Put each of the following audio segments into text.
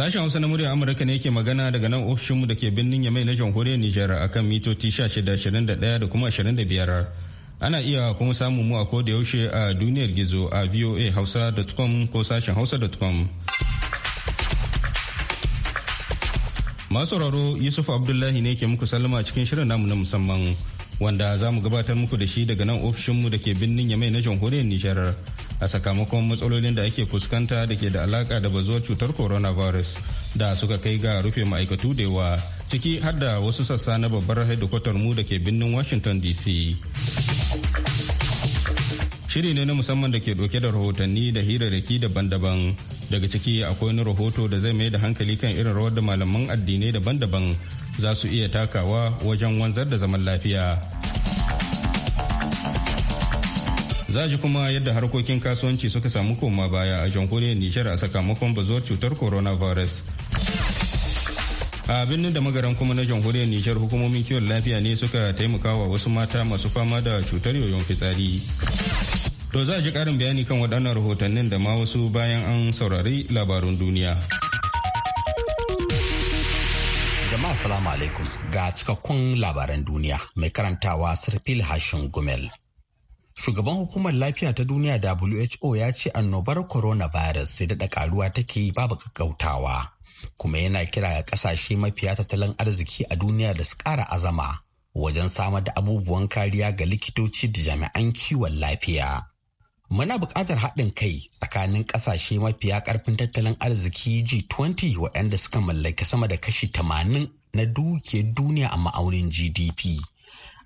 Sashen Hausa na murya Amurka ne ke magana daga nan ofishinmu da ke birnin Yamai na jamhuriyar Nijar akan mitoci 1621 da kuma 25. Ana iya kuma samun mu a koda yaushe a duniyar gizo a voa hausa.com ko sashen hausa.com. Masu Yusuf Abdullahi ne ke muku sallama cikin shirin namu na musamman wanda za mu gabatar muku da shi daga nan ofishinmu da ke birnin Yamai na jamhuriyar Nijar. a sakamakon matsalolin da ake fuskanta da ke da alaka da bazuwar cutar coronavirus da suka kai ga rufe ma'aikatu da yawa ciki har da wasu sassa na babbar hedikwatar mu da ke birnin washington dc shiri ne na musamman da ke doke da rahotanni da hirarraki daban-daban daga ciki akwai wani rahoto da zai mai da hankali kan irin rawar da malaman addinai daban-daban za su iya takawa wajen wanzar da zaman lafiya za ji kuma yadda harkokin kasuwanci suka samu koma baya a jamhuriyar nijar a sakamakon bazuwar cutar coronavirus a birnin da magaran kuma na jamhuriyar nijar hukumomin kiwon lafiya ne suka taimaka wa wasu mata masu fama da cutar yoyon fitsari to za ji karin bayani kan waɗannan rahotannin da ma wasu bayan an saurari labarun duniya jama'a salamu alaikum ga cikakkun labaran duniya mai karantawa sarfil hashin gumel shugaban hukumar lafiya ta duniya who ya ce annobar coronavirus sai daɗa karuwa take yi babu gaggautawa kuma yana kira ga ƙasashe mafiya tattalin arziki a duniya da su kara azama wajen samar da abubuwan kariya ga likitoci da jami'an kiwon lafiya muna buƙatar haɗin kai tsakanin ƙasashe mafiya ƙarfin tattalin arziki g20 waɗanda suka mallaki sama da kashi 80 na dukiyar duniya a ma'aunin gdp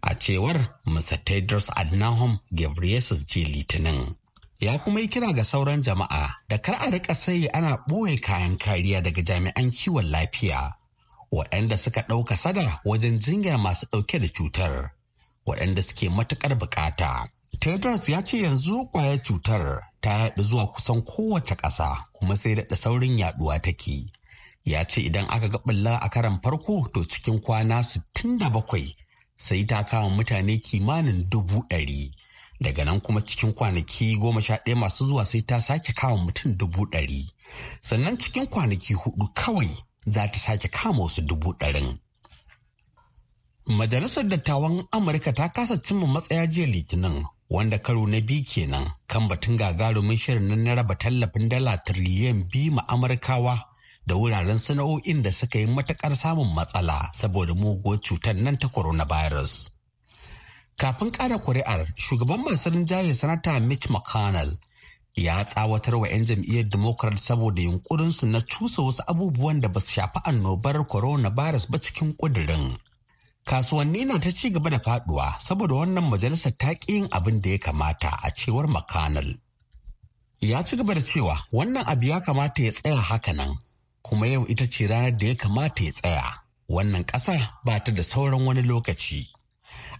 a cewar Mr. Tedros Adnahom Ghebreyesus je Litinin. Ya kuma yi kira ga sauran jama'a da kar a rika sai ana ɓoye kayan kariya daga jami'an kiwon lafiya waɗanda suka ɗauka sada wajen jinyar masu ɗauke da cutar waɗanda suke matuƙar bukata. Tedros ya ce yanzu ƙwayar cutar ta yaɗu zuwa kusan kowace ƙasa kuma sai daɗa saurin yaɗuwa take. Ya ce idan aka ga ɓulla a karan farko to cikin kwana da bakwai. sai ta kama mutane kimanin dubu ɗari daga nan kuma cikin kwanaki goma sha ɗaya masu zuwa sai ta sake kama mutum dubu ɗari sannan cikin kwanaki hudu kawai za ta sake kama wasu dubu ɗarin majalisar dattawan amurka ta kasa cimma matsaya jiya litinin wanda karo na biyu kenan kan batun gagarumin shirin na raba tallafin dala tiriliyan biyu ma amurkawa da wuraren sana'o'in da suka yi matakar samun matsala saboda muguwar cutar nan ta coronavirus. Kafin kara kuri'ar, shugaban masu rinjaye sanata Mitch McConnell ya tsawatar wa 'yan jam'iyyar Democrat saboda su na cusa wasu abubuwan da ba su shafi annobar coronavirus ba cikin ƙudirin. Kasuwanni na ta ci gaba da faduwa saboda wannan majalisar ta ƙi yin abin da ya kamata a cewar McConnell. Ya ci gaba da cewa wannan abu ya kamata ya tsaya haka nan kuma yau ita ce ranar da ya kamata ya tsaya wannan ƙasa ba ta da sauran wani lokaci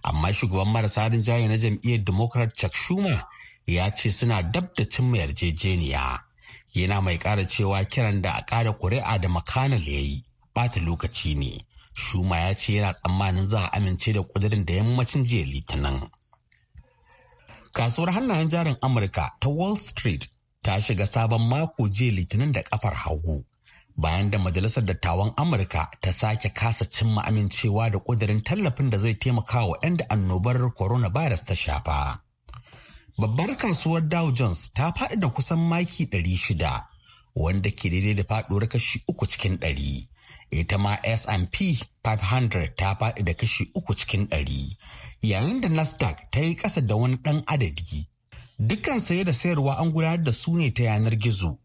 amma shugaban marasa rinjaye na jam'iyyar democrat chuck schumer ya ce suna dab da cimma yarjejeniya yana mai ƙara cewa kiran da a ƙara kuri'a da mcconnell ya yi ɓata lokaci ne shuma ya ce yana tsammanin za a amince da kudirin da yammacin jiya litinin kasuwar hannayen jarin amurka ta wall street ta shiga sabon mako jiya litinin da kafar hagu bayan da majalisar dattawan amurka ta sake kasa cimma amincewa da ƙudirin tallafin da zai taimaka wa 'yan da annobar coronavirus ta shafa babbar kasuwar dow jones ta faɗi da kusan maki 600 wanda ke daidai da faɗuwar kashi uku cikin ɗari. ita ma S&P 500 ta faɗi da kashi uku cikin ɗari yayin da Nasdaq ta yi ƙasa da wani ɗan adadi. Dukkan saye da sayarwa an gudanar da su ne ta yanar gizo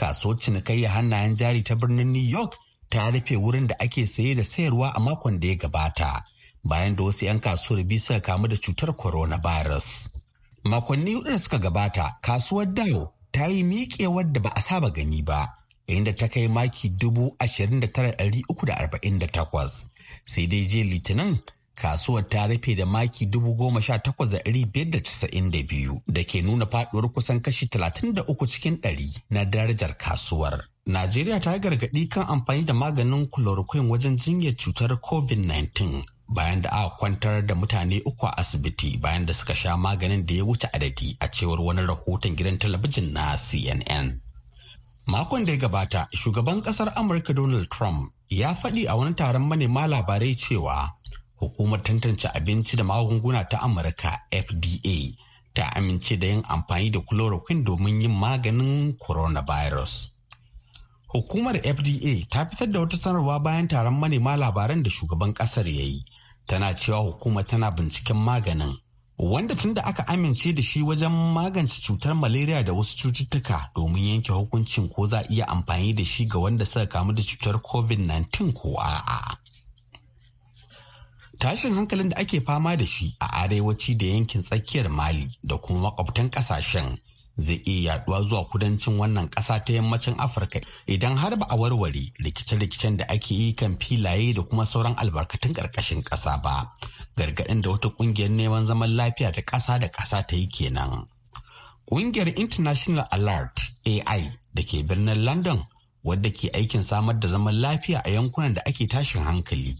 kasuwar cinikayya hannayen jari ta birnin new york ta rufe wurin da ake saye da sayarwa a makon da ya gabata bayan da wasu 'yan kasuwar biyu suka kamu da cutar coronavirus makonni hudu da suka gabata kasuwar dawo ta yi miƙewar da ba a saba gani ba inda ta kai maki dubu ashirin da tara ɗari uku da arba'in da takwas sai dai je litinin kasuwar ta rufe da maki dubu goma sha 18,592 da da da biyu ke nuna faduwar kusan kashi talatin da uku cikin 100 na darajar kasuwar. Najeriya ta gargadi kan amfani da maganin chloroquine wajen jinyar cutar COVID-19 bayan da aka kwantar da mutane uku a asibiti bayan da suka sha maganin da ya wuce adadi a cewar wani rahoton gidan talabijin na CNN. Makon da ya gabata, shugaban kasar Amurka Donald Trump ya faɗi a wani taron manema labarai cewa hukumar tantance abinci da magunguna ta amurka fda ta amince da yin amfani da chloroquine domin yin maganin coronavirus hukumar fda ta fitar da wata sanarwa bayan taron manema labaran da shugaban kasar ya yi tana cewa hukuma tana binciken maganin wanda tun da aka amince da shi wajen magance cutar malaria da wasu cututtuka domin yanke hukuncin ko za a iya amfani da shi ga wanda suka kamu da cutar covid-19 ko a'a. tashin hankalin da ake fama da shi a arewaci da yankin tsakiyar mali da kuma makwabtan kasashen zai iya yaduwa zuwa kudancin wannan ƙasa ta yammacin afirka idan har ba a warware rikice-rikicen da ake yi kan filaye da kuma sauran albarkatun ƙarƙashin ƙasa ba gargaɗin da wata ƙungiyar neman zaman lafiya ta ƙasa da ƙasa ta yi kenan ƙungiyar international alert ai da ke birnin london wadda ke aikin samar da zaman lafiya a yankunan da ake tashin hankali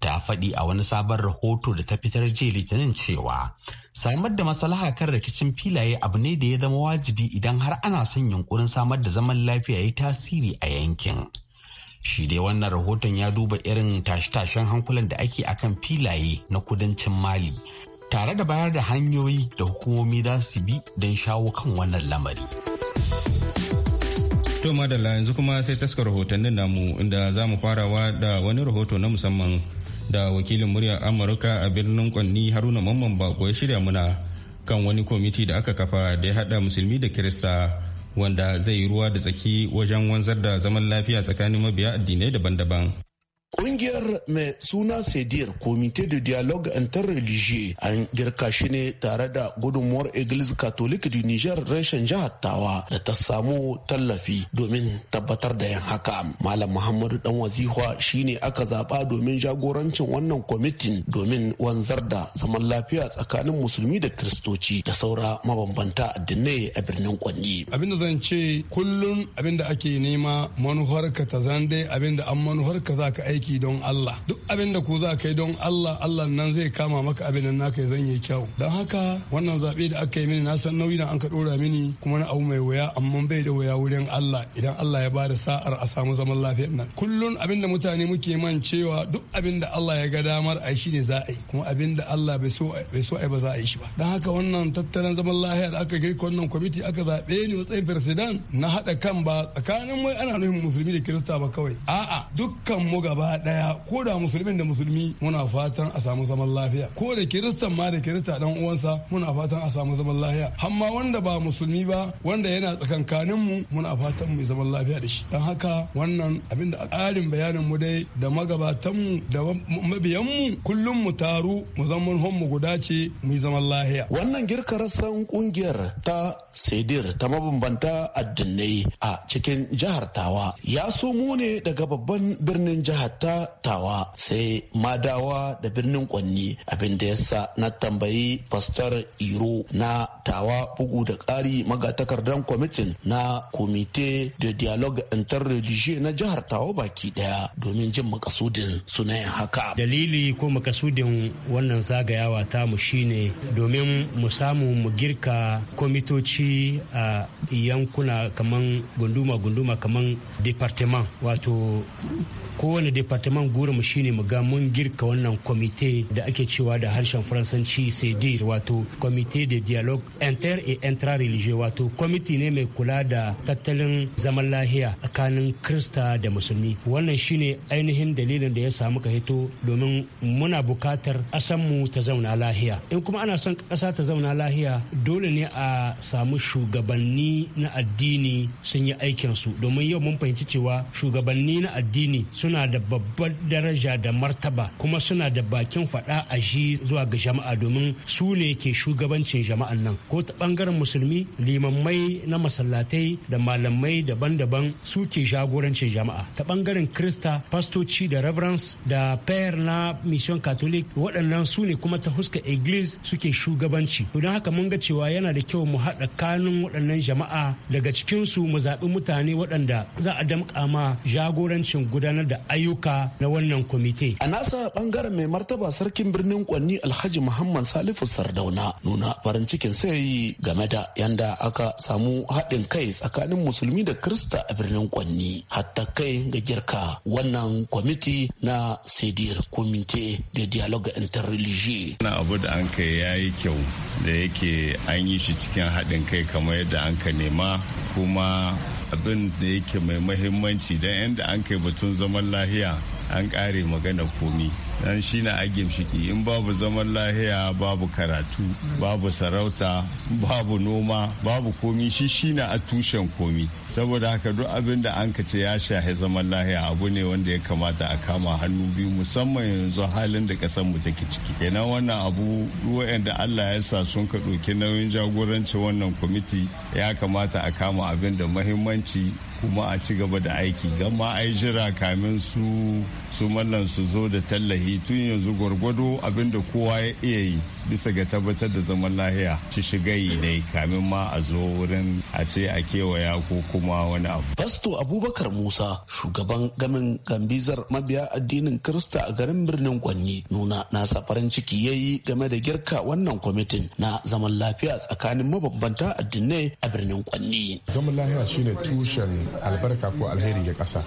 ta faɗi a wani sabon rahoto da ta fitar jiya litinin cewa samar da maslaha kan rikicin filaye abu ne da ya zama wajibi idan har ana son yunkurin samar da zaman lafiya ya tasiri a yankin shi dai wannan rahoton ya duba irin tashe-tashen hankulan da ake akan filaye na kudancin mali tare da bayar da hanyoyi da hukumomi za su bi don shawo kan wannan lamari. To madalla yanzu kuma sai taskar rahotannin namu inda za mu farawa da wani rahoto na musamman da wakilin muryar amurka a birnin kwanni haruna mamman bako ya shirya muna kan wani kwamiti da aka kafa da ya hada musulmi da kirista wanda zai yi ruwa da tsaki wajen wanzar da zaman lafiya tsakanin mabiya addinai daban-daban Ƙungiyar mai suna Sedir Comité de Dialogue Interreligieux an girka shi ne tare da gudunmuwar Eglise Catholic du Niger reshen jihar Tawa da ta samu tallafi domin tabbatar da yan haka. Malam Muhammadu Dan shi shine aka zaba domin jagorancin wannan kwamitin domin wanzar da zaman lafiya tsakanin musulmi da kiristoci da saura mabambanta addinai a birnin Kwanni. da zan ce kullum abin da ake nema manufarka ta zan abin da an manufarka za ka aiki aiki don Allah duk abin da ku za kai don Allah Allah nan zai kama maka abin nan naka zan yi kyau don haka wannan zabe da aka yi mini na san nauyi na an ka ɗora mini kuma na abu mai wuya amma bai da wuya wurin Allah idan Allah ya bada sa'ar a samu zaman lafiya nan kullun abin da mutane muke man cewa duk abin da Allah ya ga damar a shi ne za a yi kuma abin da Allah bai so bai so a ba za a yi shi ba don haka wannan tattalin zaman lafiya da aka kai wannan kwamiti aka zaɓe ni matsayin president na haɗa kan ba tsakanin mai ana nufin musulmi da kirista ba kawai a'a dukkan mu gaba a daya ko da musulmin da musulmi muna fatan a samu zaman lafiya ko da kiristan ma da kirista dan uwansa muna fatan a samu zaman lafiya amma wanda ba musulmi ba wanda yana tsakankanin mu muna fatan mu zaman lafiya da shi dan haka wannan abinda a ƙarin bayanin mu dai da magabatan mu da mabiyan mu kullum mu taru mu zaman mu guda ce mu zaman lafiya wannan girkar san kungiyar ta sedir ta mabambanta addinai a cikin jihar tawa ya so mu ne daga babban birnin jihar ta tawa sai madawa da birnin kwanni abin da yasa na tambayi pastor iro na tawa bugu da ƙari magatakardan kwamitin na komite da dialogue interreligieux na jihar tawa baki daya domin jin makasudin sunayen haka dalili ko makasudin wannan zagayawa mu shine domin mu samu mu girka komitoci a yankuna kaman gunduma-gunduma kaman departement wato kowane departement gura mu shine mu ga mun girka wannan kwamite da ake cewa da harshen faransanci cd wato komite de dialogue inter et intra religieux wato kwamiti ne mai kula da tattalin zaman lahiya tsakanin krista da musulmi wannan shine ainihin dalilin da ya samu ka hito domin muna bukatar mu ta zauna lahiya in kuma ana son ƙasa ta zauna lahiya dole ne a samu shugabanni na addini sun yi aikinsu domin yau mun fahimci cewa shugabanni na addini suna da babbar daraja da martaba kuma suna da bakin fada a shi zuwa ga jama'a domin su ne ke shugabancin jama'an nan ko ta bangaren musulmi limammai na masallatai da malamai daban-daban su ke jagorancin jama'a ta bangaren krista pastoci da reverends da pair na mission catholic waɗannan su ne kuma ta huska iglis suke shugabanci don haka mun ga cewa yana da kyau mu haɗa kanun waɗannan jama'a daga cikinsu mu zaɓi mutane waɗanda za a damƙa ma jagorancin gudanar da ayyuka ayyuka na wannan kwamite. A nasa bangaren mai martaba sarkin birnin Kwanni Alhaji Muhammad Salifu Sardauna nuna farin cikin sai game da yanda aka samu haɗin kai tsakanin musulmi da Kirista a birnin Kwanni hatta kai ga girka wannan kwamiti na Sedir Komite da Dialogue interreligi. Na abu da an kai ya yi kyau da yake an yi shi cikin haɗin kai kamar yadda an ka nema kuma abin da yake mai mahimmanci don yadda an kai batun zaman lahiya an kare magana komi dan shi na agim shiki in babu zaman lahiya babu karatu babu sarauta babu noma babu komi shi shi na a tushen komi saboda haka duk abin da an ce ya shahe zaman lahiya abu ne wanda ya kamata a kama hannu biyu musamman yanzu halin da kasan mu take ciki kenan wannan abu da Allah ya sa sun ka ɗauki nauyin jagoranci wannan kwamiti ya kamata a kama abin da muhimmanci. kuma a ci gaba da aiki gama ai jira kamin su su mallan su zo da tallahi tun yanzu gwargwado abinda kowa ya iya yi bisa ga tabbatar da zaman lahiya shi shiga yi ne kamin ma a zo wurin a ce a kewaya ko kuma wani abu. Pasto Abubakar Musa shugaban gamin gambizar mabiya addinin Kirista a garin birnin Gwanyi nuna nasa farin ciki ya yi game da girka wannan kwamitin na zaman lafiya tsakanin mabambanta addinai a birnin Gwanyi. Zaman lahiya shine tushen albarka ko alheri ga ƙasa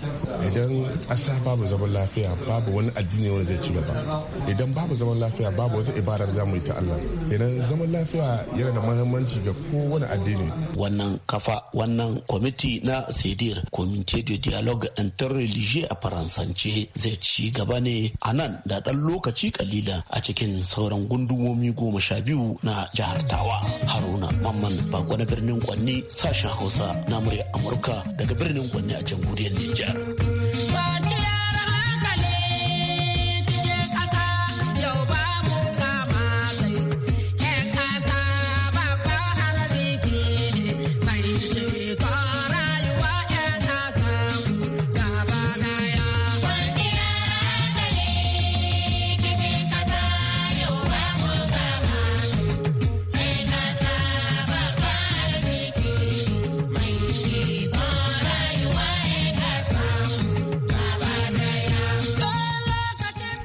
idan ƙasa babu zaman lafiya babu wani addini wani zai ci gaba idan babu zaman lafiya babu wata ibadar zamu mu yi ta Allah idan zaman lafiya yana da muhimmanci ga kowane addini wannan kafa wannan kwamiti na sedir comité de dialogue interreligieux a faransance zai ci gaba ne a nan da ɗan lokaci kalila a cikin sauran gundumomi goma sha biyu na jihar tawa haruna mamman bakwana birnin kwanni sashen hausa na murya amurka daga daga birnin Gwanne a can guriyar Nijar.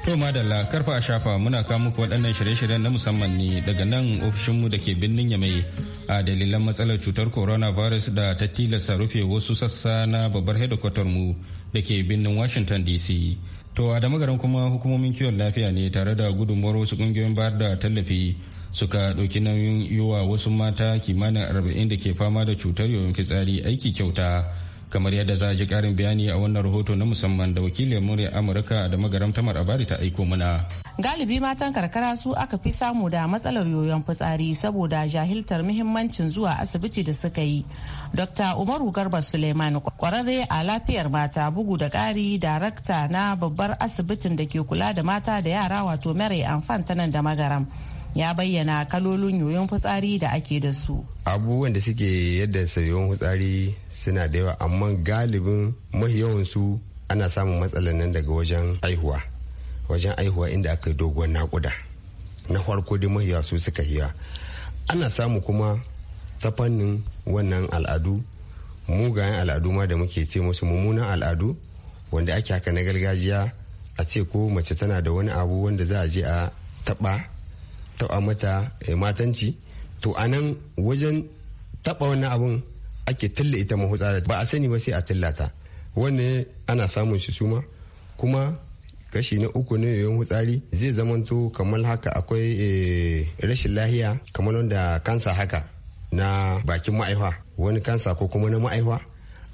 To madalla karfa a shafa muna kawo muku waɗannan shirye-shiryen na musamman ne daga nan ofishinmu da ke birnin Yamai a dalilan matsalar cutar coronavirus da ta tilasta rufe wasu sassa na babbar hedikwatar mu da ke birnin Washington DC. To a da garin kuma hukumomin kiwon lafiya ne tare da gudunmuwar wasu ƙungiyoyin bayar da tallafi suka ɗauki nauyin yiwa wasu mata kimanin arba'in da ke fama da cutar yoyon fitsari aiki kyauta. kamar yadda za a ji karin bayani a wannan rahoto na musamman da wakilin murya amurka da magaram tamar abari ta aiko mana galibi matan karkara su aka fi samu da matsalar yoyon fitsari saboda jahiltar muhimmancin zuwa asibiti da suka yi dr umaru garba suleiman kwararre a lafiyar mata bugu da ƙari darakta na babbar asibitin da ke kula da mata da yara wato mary amfan ta nan da magaram ya bayyana kalolin yoyon fitsari da ake da su. Abubuwan da suke yadda yoyon fitsari suna da yawa amma galibin mahi su ana samun matsalan nan daga wajen aihuwa. Wajen aihuwa inda aka yi dogon nakuda. Na farko da mahiya su suka hiya. Ana samu kuma ta fannin wannan al'adu mugayen al'adu ma da muke ce musu mummunan al'adu wanda ake haka na gargajiya a ce ko mace tana da wani abu wanda za a je a taba a mata eh, matanci to a nan wajen taɓa wannan abun ake tilla ita mahutsara ba a sani ba sai a ta wani ana samun shi suma kuma kashi na uku na yoyon hutsari zai zamanto kamar haka akwai eh, rashin lahiya kamar wanda kansa haka na bakin ma'aifa wani kansa ko kuma na ma'aifa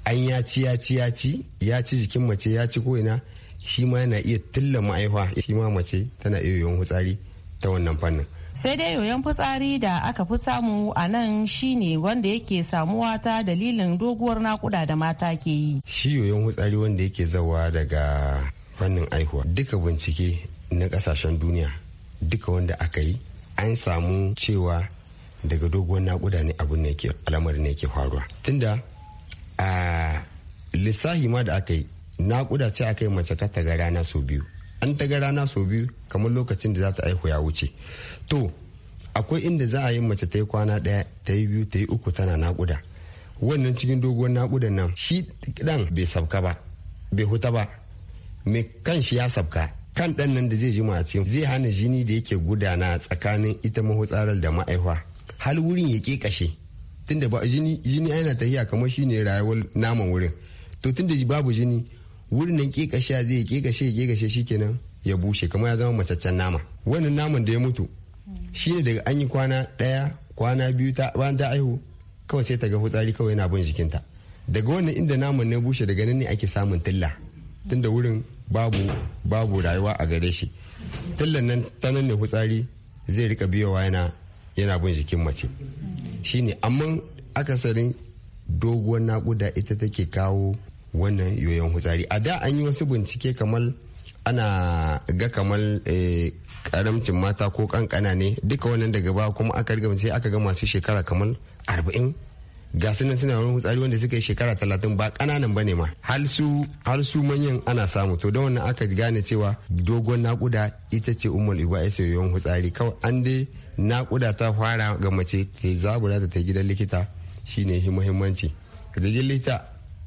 an ya ci ya ci ya ci ya ci jikin mace ya ci ko'ina shi ma yana iya tilla ma'aifa shi ma mace tana iya yoyon hutsari ta wannan fannin sai dai yoyon fitsari da aka fi samu a nan shine wanda yake samuwa ta dalilin doguwar nakuda da mata ke yi shi yoyon fitsari wanda yake zawa daga fannin aihuwa duka bincike na kasashen duniya duka wanda aka yi an samu cewa daga doguwar nakuda ne abin ne yake alamar ne yake faruwa tunda a lissahi ma da aka yi nakuda ce aka yi mace ka ga rana sau biyu an taga rana sau biyu kamar lokacin da za ta aihu ya wuce to akwai inda za a yi mace ta yi kwana ɗaya ta yi biyu ta yi uku tana naƙuda wannan cikin doguwar naƙudan nan shi ɗan bai sabka ba bai huta ba mai kan shi ya sabka kan ɗan nan da zai ji mace zai hana jini da yake gudana tsakanin ita mahutsarar da ma'aihwa hal wurin ya ƙeƙashe tunda ba jini jini yana tafiya kamar shi ne rayuwar naman wurin to tunda babu jini wurin nan kashe zai kashe ya ƙeƙashe shikenan ya bushe kamar ya zama macaccen nama wannan naman da ya mutu shine daga an yi kwana ɗaya kwana biyu ta bayan ta aihu kawai sai ta ga fitsari kawai yana bin jikinta daga wannan inda naman na bushe daga nan ne ake samun tilla tunda wurin babu babu rayuwa a gare shi tillan nan ta nan ne fitsari zai rika biyowa yana yana bin jikin mace shine amma akasarin doguwar nakuda ita take kawo wannan yoyon fitsari a da an yi wasu bincike kamar ana ga kamar eh, karamcin mata ko kankana ne duka wannan daga ba kuma aka riga sai aka ga masu shekara kamar arba'in ga su nan suna wani hutsari wanda suka yi shekara talatin ba kananan bane ma har su manyan ana samu to da wannan aka gane cewa dogon nakuda ita ce umar iba ya sayo hutsari kawai an dai nakuda ta fara ga mace ke zabura ta gidan likita shine muhimmanci da likita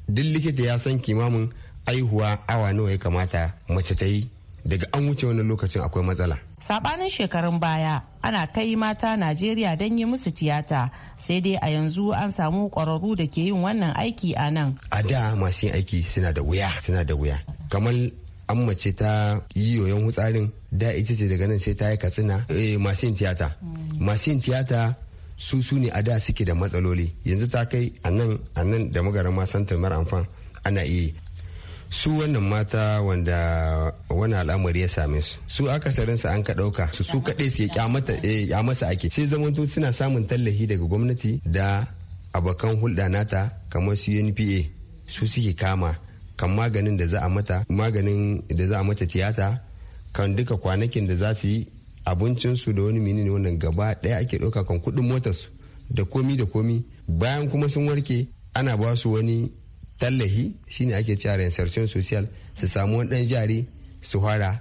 duk likita ya san kimamin aihuwa awa nawa ya kamata mace ta yi daga an wuce wannan lokacin akwai matsala sabanin shekarun baya ana kai mata najeriya don yi musu tiyata sai dai a yanzu an samu ƙwararru da ke yin wannan aiki a nan a da masu yin aiki suna da wuya suna da wuya kamar an mace ta yi yoyon hutsarin da ita ce daga nan sai ta yi katsina eh, masu yin tiyata mm. masu yin tiyata su su ne a da suke da matsaloli yanzu ta kai a nan da magarama santar mara amfan ana iya su wannan mata wanda wani al'amari ya same su su akasarin sa an ka ɗauka su su kaɗai su ya eh, masa ake sai zamanto suna samun tallafi daga gwamnati da abokan hulɗa nata kamar su npa su suke kama kan maganin da za a mata maganin da za a mata tiyata kan duka kwanakin da za su yi abincinsu da wani menene wannan gaba ɗaya ake ɗauka kan kuɗin motarsu da komi da komi bayan kuma sun warke ana ba su wani tallahi shine ake cewa reinsertion social su samu wani dan jari su fara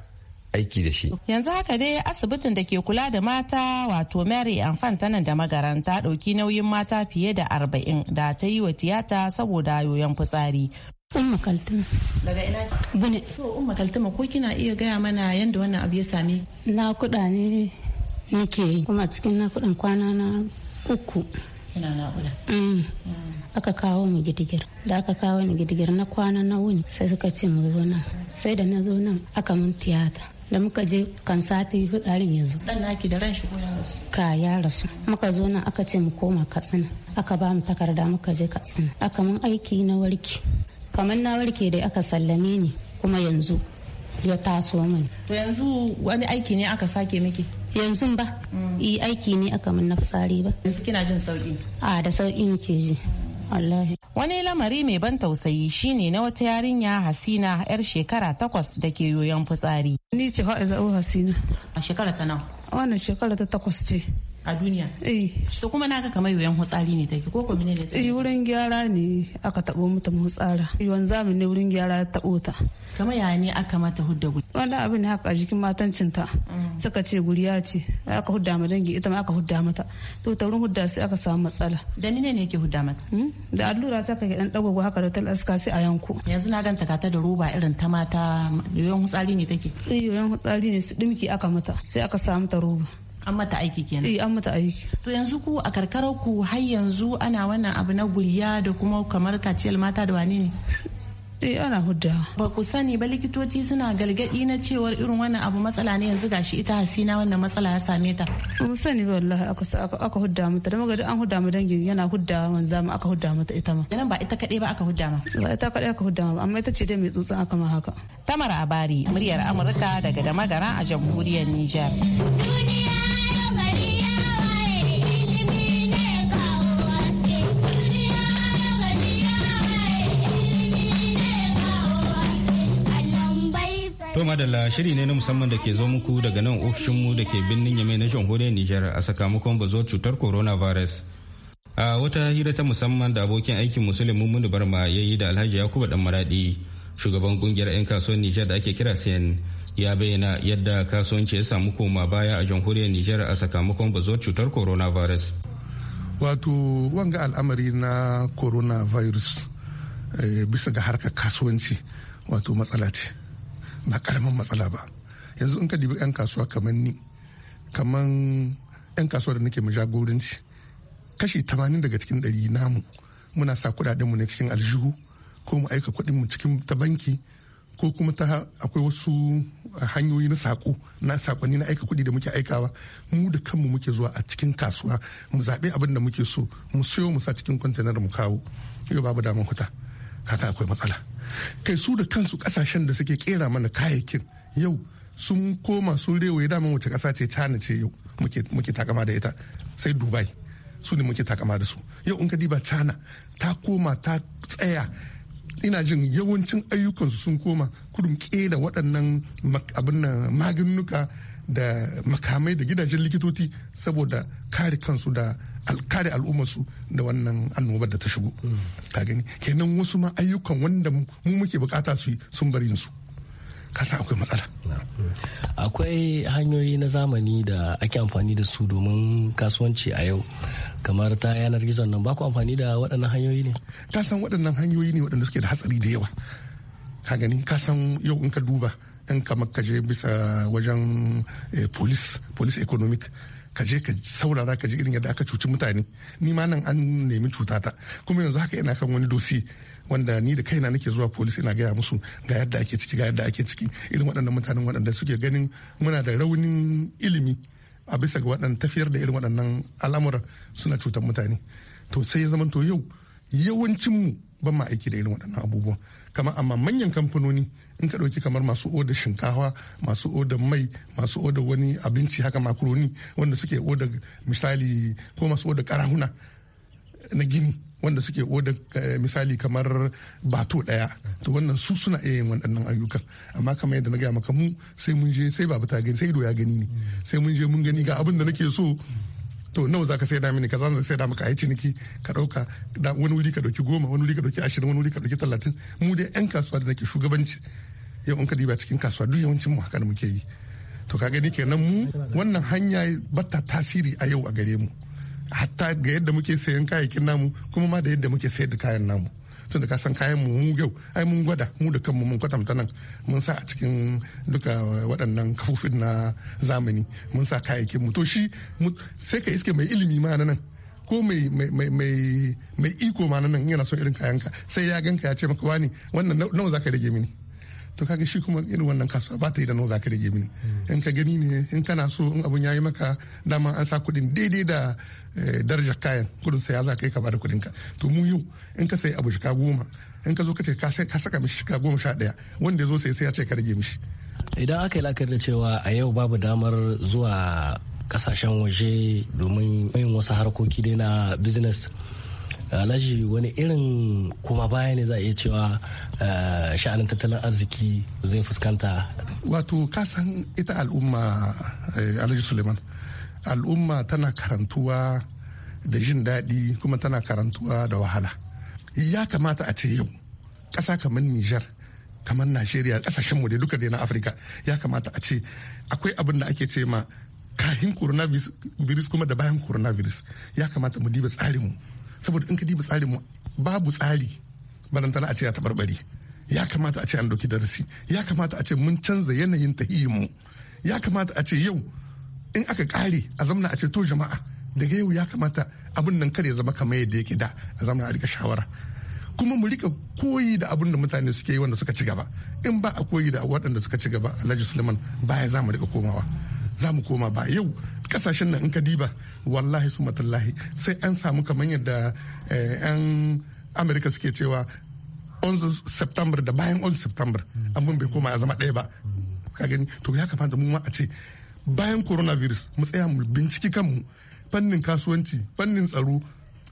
aiki da shi. Yanzu haka dai asibitin da ke kula da mata wato Mary Amfan tana da magaranta ɗauki nauyin mata fiye da arba'in da ta yi wa tiyata saboda yoyon fitsari. Umma Kaltuma. Daga ina? Bune. To Umma Kaltuma ko kina iya gaya mana yadda wannan abu ya sami? Na kuɗa ne nake yi kuma cikin na kuɗin kwana na uku. Ina na kuɗa. Mm. Mm. aka kawo mu gidigir da aka kawo ni gidigir na kwana na wuni sai suka ce mu zo nan sai da na zo nan aka mun tiyata da muka je kan sati fitsarin yanzu dan naki da ran shi ko ya rasu ka ya rasu muka zo nan aka ce mu koma katsina aka ba mu takarda muka je katsina aka mun aiki na warki kamar na warke dai aka sallame ni kuma yanzu ya taso mun to yanzu wani aiki ne aka sake miki yanzu ba yi mm. aiki ne aka mun na fitsari ba yanzu kina jin sauki a da sauki nake ji Wani lamari mai ban tausayi shine na wata yarinya Hasina yar shekara takwas da ke yoyon fitsari. Ni ce za'o Hasina. A shekara ta nawa? Wannan shekara ta takwas ce. a duniya eh to kuma ga kamar yoyon hutsari ne take ko kuma ne eh wurin gyara ne aka tabo mata hutsara yoyon zamani ne wurin gyara ta tabo ta kamar ya ne aka mata hudda guri wanda abin haka a jikin cinta. Mm. suka ce guriya ce aka hudda ma dangi ita ma aka hudda mata to ta wurin hudda sai aka samu matsala da ni ne yake hudda mata hmm? da allura ta kai dan dagogo haka da talaska sai a yanku yanzu na ganta ta da roba irin ta mata yoyon hutsari ne take eh, yoyon hutsari ne su dimki aka mata sai aka samu ta roba an mata aiki kenan eh an mata aiki to yanzu ku a karkarar ku har yanzu ana wannan abu na guriya da kuma kamar kaciyar mata da wane ne eh ana hudda ba ku sani ba likitoci suna galgadi na cewar irin wannan abu matsala ne yanzu gashi ita hasina wannan matsala ya same ta ba sani ba wallahi aka aka hudda mata da magadi an hudda mu dangin yana hudda manza mu aka hudda mata ita ma nan ba ita kadai ba aka hudda ma ba ita kadai aka hudda ma amma ita ce dai mai tsutsun aka ma haka tamara abari muryar amurka daga damagara a jamhuriyar niger To madalla shiri ne na musamman da ke zo muku daga nan ofishinmu da ke birnin Yamai na jamhuriyar Nijar a sakamakon bazuwar cutar coronavirus. A wata hira ta musamman da abokin aikin Musulun Mumunu Barma ya yi da Alhaji Yakubu Dan maraɗi shugaban kungiyar 'yan kasuwar Nijar da ake kira sen ya bayyana yadda kasuwanci ya samu koma baya a jamhuriyar Nijar a sakamakon bazuwar cutar coronavirus. Wato wanga al'amari na coronavirus eh, bisa ga harkar kasuwanci wato matsala ce. na karamin matsala ba yanzu in ka dibi 'yan kasuwa kamar ni kamar 'yan kasuwa da nake jagoranci kashi tamanin daga cikin 100 namu muna sa kudadenmu ne cikin aljihu ko mu aika kudinmu cikin ta banki ko kuma ta akwai wasu hanyoyi na sako na sakonni na aika kuɗi da muke aikawa mu da kanmu muke zuwa a cikin kasuwa mu zaɓi abin da muke so mu sayo mu sa cikin kwantenar mu kawo yau babu damar kuta. kaka akwai matsala kai su da kansu kasashen da suke kera mana kayayyakin yau sun koma sun rewaye daman wace kasa ce china ce yau muke takama da ita sai dubai su ne muke takama da su yau in ka diba china ta koma ta tsaya ina jin yawancin ayyukansu sun koma kudin da waɗannan abinnan magunnuka da makamai da gidajen likitoci saboda kare kansu da kare al'ummarsu da wannan annobar da ta shigo ka gani kenan wasu ma ayyukan wanda mu muke bukata su yi sun bari su kasa akwai matsala akwai hanyoyi na zamani da ake amfani da su domin kasuwanci a yau kamar ta yanar gizo nan ba ku amfani da waɗannan hanyoyi ne Ka san waɗannan hanyoyi ne waɗanda suke da hatsari da yawa ka gani ka san yau in ka duba in kamar ka je bisa wajen eh, police police economic ka je ka saurara ka ji irin yadda aka cuci mutane ni ma nan an nemi cutata kuma yanzu haka ina kan wani dosi wanda ni da kaina nake zuwa polis ina gaya musu ga yadda ake ciki ga yadda ake ciki irin waɗannan mutanen waɗanda suke ganin muna da raunin ilimi a bisa ga waɗannan tafiyar da irin waɗannan al'amuran suna cutar mutane to sai ya zama to yau yawancin mu ban ma aiki da irin waɗannan abubuwan kamar amma manyan kamfanoni in ka ɗauki kamar masu oda shinkawa masu oda mai masu oda wani abinci haka makaroni wanda suke oda misali ko masu oda karahuna na gini wanda suke oda eh, misali kamar bato ɗaya to wannan su suna iya yin waɗannan ayyukan amma kamar yadda na gaya maka mu sai mun je sai babu ta gani sai ido ya gani ne sai mun je mun gani ga abin da nake so to nawa zaka sai da mini kaza zan sai da maka ayi ciniki ka dauka da wani wuri ka dauki goma wani wuri ka dauki ashirin wani wuri ka dauki talatin mu dai yan kasuwa da nake shugabanci yau in ka diba cikin kasuwa duk yawancin mu haka muke yi to ka gani kenan mu wannan hanya bata tasiri a yau a gare mu hatta ga yadda muke sayan kayayyakin namu kuma ma da yadda muke sayar da kayan namu tunda ka san kayan mu mu yau ai mun gwada mu da kanmu mun kwatanta nan mun sa a cikin duka waɗannan kafofin na zamani mun sa kayayyakin mu to shi sai ka iske mai ilimi ma nan ko mai iko ma nan yana son irin kayanka sai ya ganka ya ce maka wani wannan nawa zaka rage mini to kaga shi kuma irin wannan kasuwa ba ta yi da za ka rage mini in ka gani ne in kana so in abun ya yi maka dama an sa kuɗin daidai da eh, darajar kayan kuɗin saya za ka yi ka bada kuɗin ka to mu yau in ka sayi abu shiga goma in ka zo ka ce ka saka mishi shiga goma sha ɗaya wanda ya zo sai sai ya ce ka rage mishi. idan aka yi la'akari da cewa a yau babu damar zuwa kasashen waje domin yin wasu harkoki dai na business alhaji wani irin kuma baya ne za a iya cewa eh, sha'anin tattalin arziki zai fuskanta wato kasan ita al'umma eh, alhaji suleiman al'umma tana karantuwa da jin daɗi kuma tana karantuwa da wahala ya kamata a ce yau ƙasa kamar nijar kamar najeriya ƙasashenmu dai duka dai na afirka ya kamata a ce akwai abin da ake ce ma kahin coronavirus kuma da bayan coronavirus ya kamata mu diba mu. saboda in ka diba tsarin babu tsari barantana a ce ya tabarbare ya kamata a ce an doki darasi ya kamata a ce mun canza yanayin tahiyin mu ya kamata a ce yau in aka kare a zamana a ce to jama'a daga yau ya kamata abin nan kar ya zama kamar yadda yake da a zamana a rika shawara kuma mu rika koyi da abin da mutane suke yi wanda suka ci gaba in ba a koyi da waɗanda suka ci gaba alhaji suleiman baya za mu rika komawa za mu koma ba yau kasashen nan ka diba wallahi su matallahi sai an samu kamar yadda eh, 'yan amurka suke cewa 11 september da bayan 11 september abin bai koma ya zama daya ba ka gani to ya kamata mu ma a ce bayan coronavirus mu tsaya mu binciki kanmu fannin kasuwanci fannin tsaro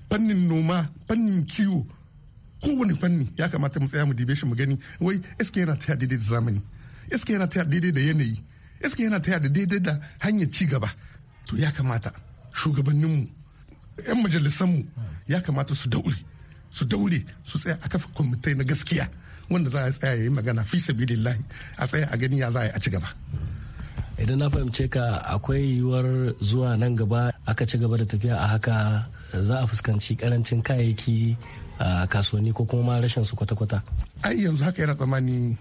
fannin noma fannin kiwo kowane fanni ya kamata mu tsaya mu dibe shi mu gani wai iske yana taya daidai da zamani iske yana taya daidai da yanayi iske yana taya daidai da hanyar ci gaba to ya kamata shugabanninmu 'yan majalisanmu ya kamata su daure su daure su tsaya a kafa kwamitai na gaskiya wanda za a tsaya ya yi magana fi sabilillahi a tsaya a gani ya za a ci gaba idan na fahimce ka akwai yiwuwar zuwa nan gaba aka ci gaba da tafiya a haka za a fuskanci karancin kayayyaki a kasuwanni ko kuma rashin su kwata-kwata ai yanzu haka yana tsammani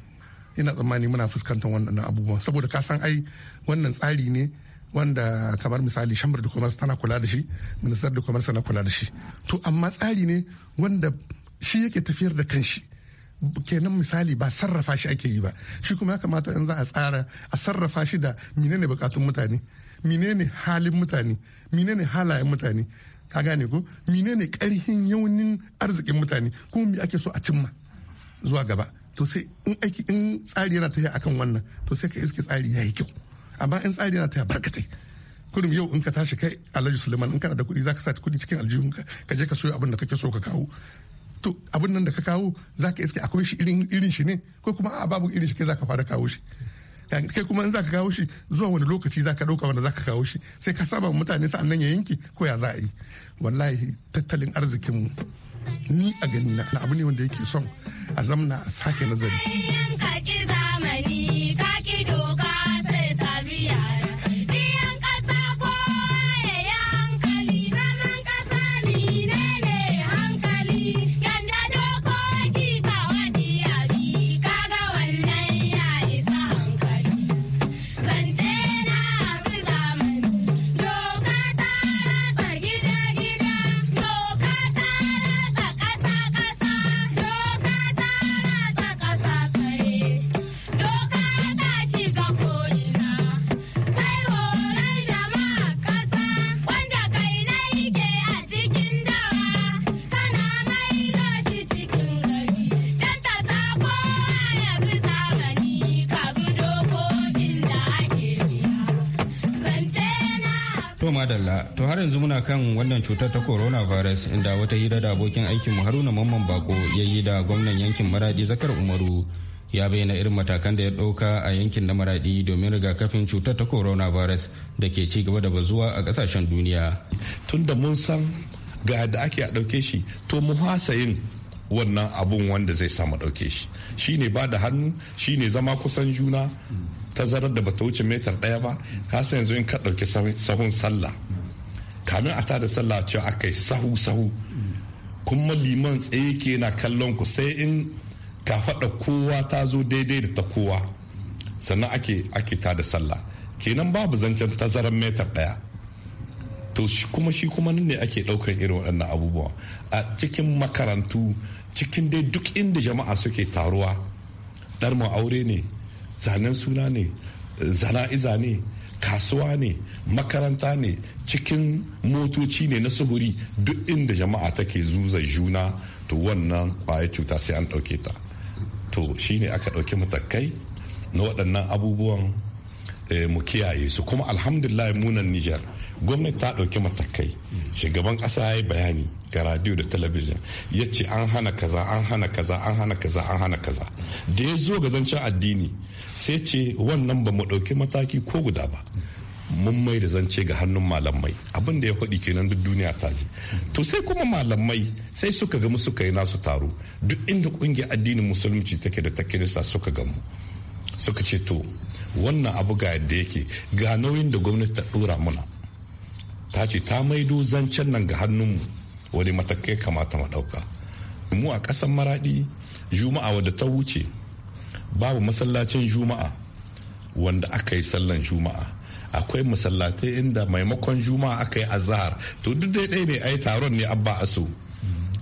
yana tsammani muna fuskantar wannan abubuwan saboda ka san ai wannan tsari ne wanda kamar misali shambar da commerce tana kula da shi ministar da commerce tana kula da shi to amma tsari ne wanda shi yake tafiyar da kanshi kenan misali ba sarrafa shi ake yi ba shi kuma ya kamata in za a tsara a sarrafa shi da menene bukatun mutane menene halin mutane menene halayen mutane ka gane ko menene karhin yaunin arzikin mutane kuma me ake so a cimma zuwa gaba to sai in aiki in tsari yana tafiya akan wannan to sai ka iske tsari yayi kyau amma in tsari yana ta barkatai kullum yau in ka tashi kai alhaji suleiman in kana da kuɗi zaka sa kuɗi cikin aljihun ka ka je ka soya abin da ka kake so ka kawo to abin nan da ka kawo zaka iske akwai shi irin irin shi ne ko kuma a babu irin shi kai zaka fara kawo shi kai kuma in zaka kawo shi zuwa wani lokaci zaka dauka wanda zaka kawo shi sai ka saba mutane sa'annan ya yanki ko ya za a yi wallahi tattalin arzikin ni a gani na abu ne wanda yake son a zamna a sake nazari. zamani madalla to har yanzu muna kan wannan cutar ta coronavirus inda wata hira da abokin aikin mu haruna mamman bako ya yi da gwamnan yankin maradi zakar umaru ya bayyana irin matakan da ya ɗauka a yankin na maradi domin rigakafin cutar ta coronavirus da ke ci gaba da bazuwa a ƙasashen duniya tun da mun san ga da ake a ɗauke shi to mu yin wannan abun wanda zai samu ɗauke shi shine ba da hannu shine zama kusan juna tazarar da bata wuce metar ɗaya ba ka san yanzu in ka ɗauki sahun sallah kamin a tada sallah cewa aka yi sahu sahu kuma liman tsaye ke na kallon ku sai in ka kafaɗa kowa ta zo daidai da ta kowa sannan ake ake tada sallah kenan babu zancen tazarar metar ɗaya to kuma shi kuma nan ne ake ɗaukar irin waɗannan abubuwa a cikin makarantu cikin dai duk inda jama'a suke taruwa ɗar aure ne zanen suna ne zana'iza ne kasuwa ne makaranta ne cikin motoci ne na suhuri duk inda jama'a take zuza juna to wannan kwayar cuta sai an ɗauke ta to shine aka ɗauki matakai na waɗannan abubuwan eh, mu kiyaye su kuma alhamdulillah munan nijar gwamnati ta ɗauki matakai shugaban ƙasa ya yi bayani ga radio da talabijin ya ce an hana kaza an hana kaza an hana kaza an hana kaza da ya zo ga zancen addini sai ce wannan ba mu ɗauki mataki ko guda ba mun mai da zance ga hannun malamai abin da ya faɗi kenan duk duniya ta ji to sai kuma malamai sai suka gamu suka yi nasu taro duk inda ƙungiyar addinin musulunci take da ta kirista suka gamu suka ce to wannan abu ga yadda yake ga nauyin da gwamnati ta ɗora muna ta ce ta maido zancen nan ga hannunmu wani matakai kamata mu dauka mu a ƙasan maraɗi juma'a wadda ta wuce babu masallacin juma'a wanda aka yi sallan juma'a akwai masallatai inda maimakon juma'a aka yi azahar to duk dai dai ne ai taron ne abba aso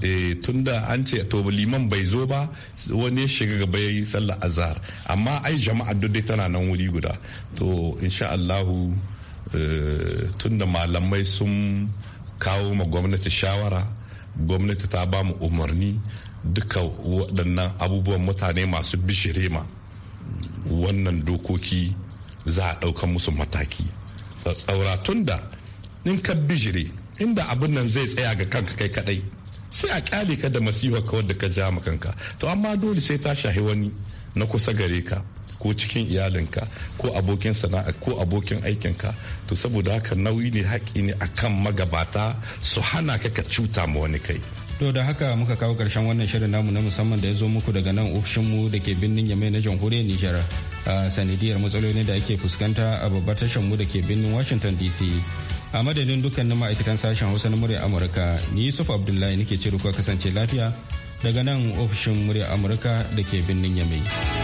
eh, tunda an ce to liman bai zo ba wani ya shiga gaba ya yi sallar azahar amma ai jama'a duk dai tana nan wuri guda to insha Allahu Eh, tunda malamai sun kawo ma gwamnati shawara gwamnati ta ba mu umarni duka waɗannan abubuwan mutane masu ma wannan dokoki za a ɗaukan musu mataki tsaura tunda in ka bijire inda abin nan zai tsaya ga kanka kai kadai sai a kyale ka da masiwa ka wadda ka ja kanka to amma dole sai ta shahi wani na kusa gare ka ko cikin iyalinka ko abokin sana'a ko abokin aikinka to saboda haka nauyi ne haƙi ne akan magabata su hana ka ka cuta ma wani kai to da haka muka kawo karshen wannan shirin namu na musamman da ya zo muku daga nan ofishinmu da ke birnin yamai na jamhuriyar nijar a sanadiyar matsalolin da ake fuskanta a babbar tashar mu da ke birnin washington dc a madadin dukkanin ma'aikatan sashen hausa na murya amurka ni yusuf abdullahi nake ce kuka kasance lafiya daga nan ofishin murya amurka da ke birnin yamai.